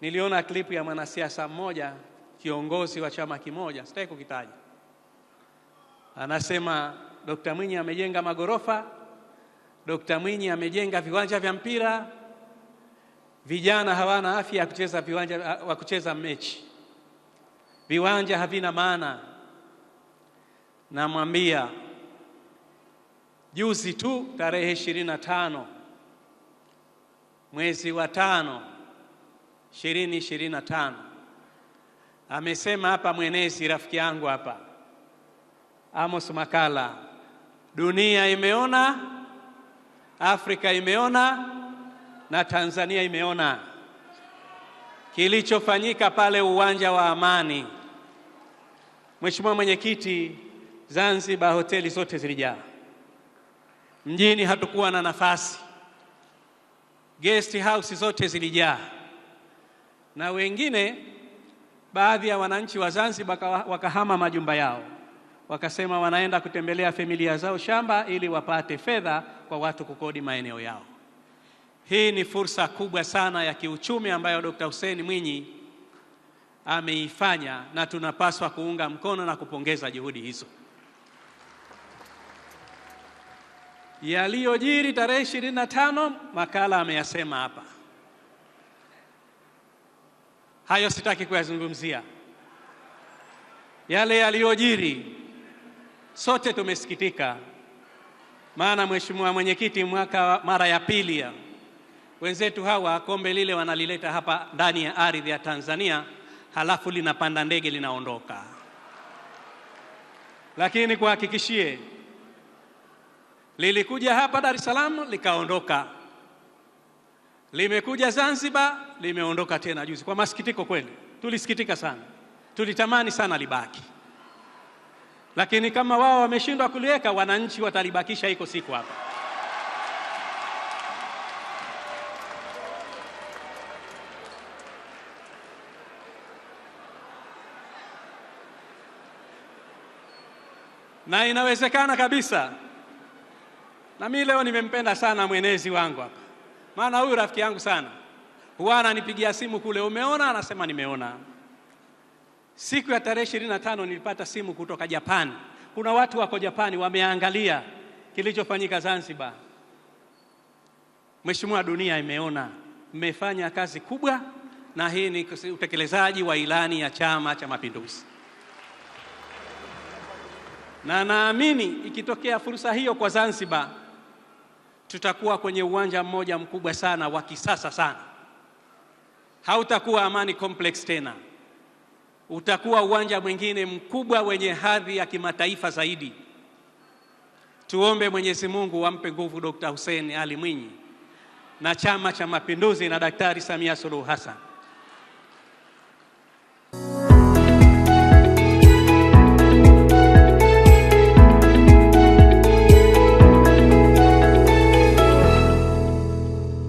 Niliona klipu ya mwanasiasa mmoja, kiongozi wa chama kimoja, sitaki kukitaja, anasema Dr. Mwinyi amejenga magorofa, Dr. Mwinyi amejenga viwanja vya mpira, vijana hawana afya ya kucheza viwanja wa kucheza mechi, viwanja havina maana. Namwambia juzi tu tarehe ishirini na tano mwezi wa tano 2025. amesema hapa mwenezi rafiki yangu hapa Amos Makala, dunia imeona, Afrika imeona na Tanzania imeona kilichofanyika pale uwanja wa Amani. Mheshimiwa Mwenyekiti, Zanzibar hoteli zote zilijaa, mjini hatukuwa na nafasi, guest house zote zilijaa na wengine baadhi ya wananchi wa Zanzibar wakahama majumba yao, wakasema wanaenda kutembelea familia zao shamba, ili wapate fedha kwa watu kukodi maeneo yao. Hii ni fursa kubwa sana ya kiuchumi ambayo Dkt. Hussein Mwinyi ameifanya na tunapaswa kuunga mkono na kupongeza juhudi hizo. Yaliyojiri tarehe 25 makala ameyasema hapa hayo sitaki kuyazungumzia. Yale yaliyojiri sote tumesikitika, maana mheshimiwa mwenyekiti, mwaka mara ya pili wenzetu hawa kombe lile wanalileta hapa ndani ya ardhi ya Tanzania, halafu linapanda ndege linaondoka. Lakini kuhakikishie, lilikuja hapa Dar es Salaam likaondoka limekuja Zanzibar, limeondoka tena juzi. Kwa masikitiko kweli, tulisikitika sana, tulitamani sana libaki, lakini kama wao wameshindwa kuliweka, wananchi watalibakisha iko siku hapa. Na inawezekana kabisa. Na mimi leo nimempenda sana mwenezi wangu hapa maana huyu rafiki yangu sana, huwa ananipigia simu kule, umeona? Anasema nimeona. Siku ya tarehe ishirini na tano nilipata simu kutoka Japani. Kuna watu wako Japani wameangalia kilichofanyika Zanzibar. Mheshimiwa, dunia imeona mmefanya kazi kubwa, na hii ni utekelezaji wa ilani ya Chama cha Mapinduzi, na naamini ikitokea fursa hiyo kwa Zanzibar tutakuwa kwenye uwanja mmoja mkubwa sana wa kisasa sana. Hautakuwa Amani Complex tena, utakuwa uwanja mwingine mkubwa wenye hadhi ya kimataifa zaidi. Tuombe Mwenyezi Mungu ampe nguvu Dr. Hussein Ali Mwinyi na Chama cha Mapinduzi na Daktari Samia Suluhu Hassan.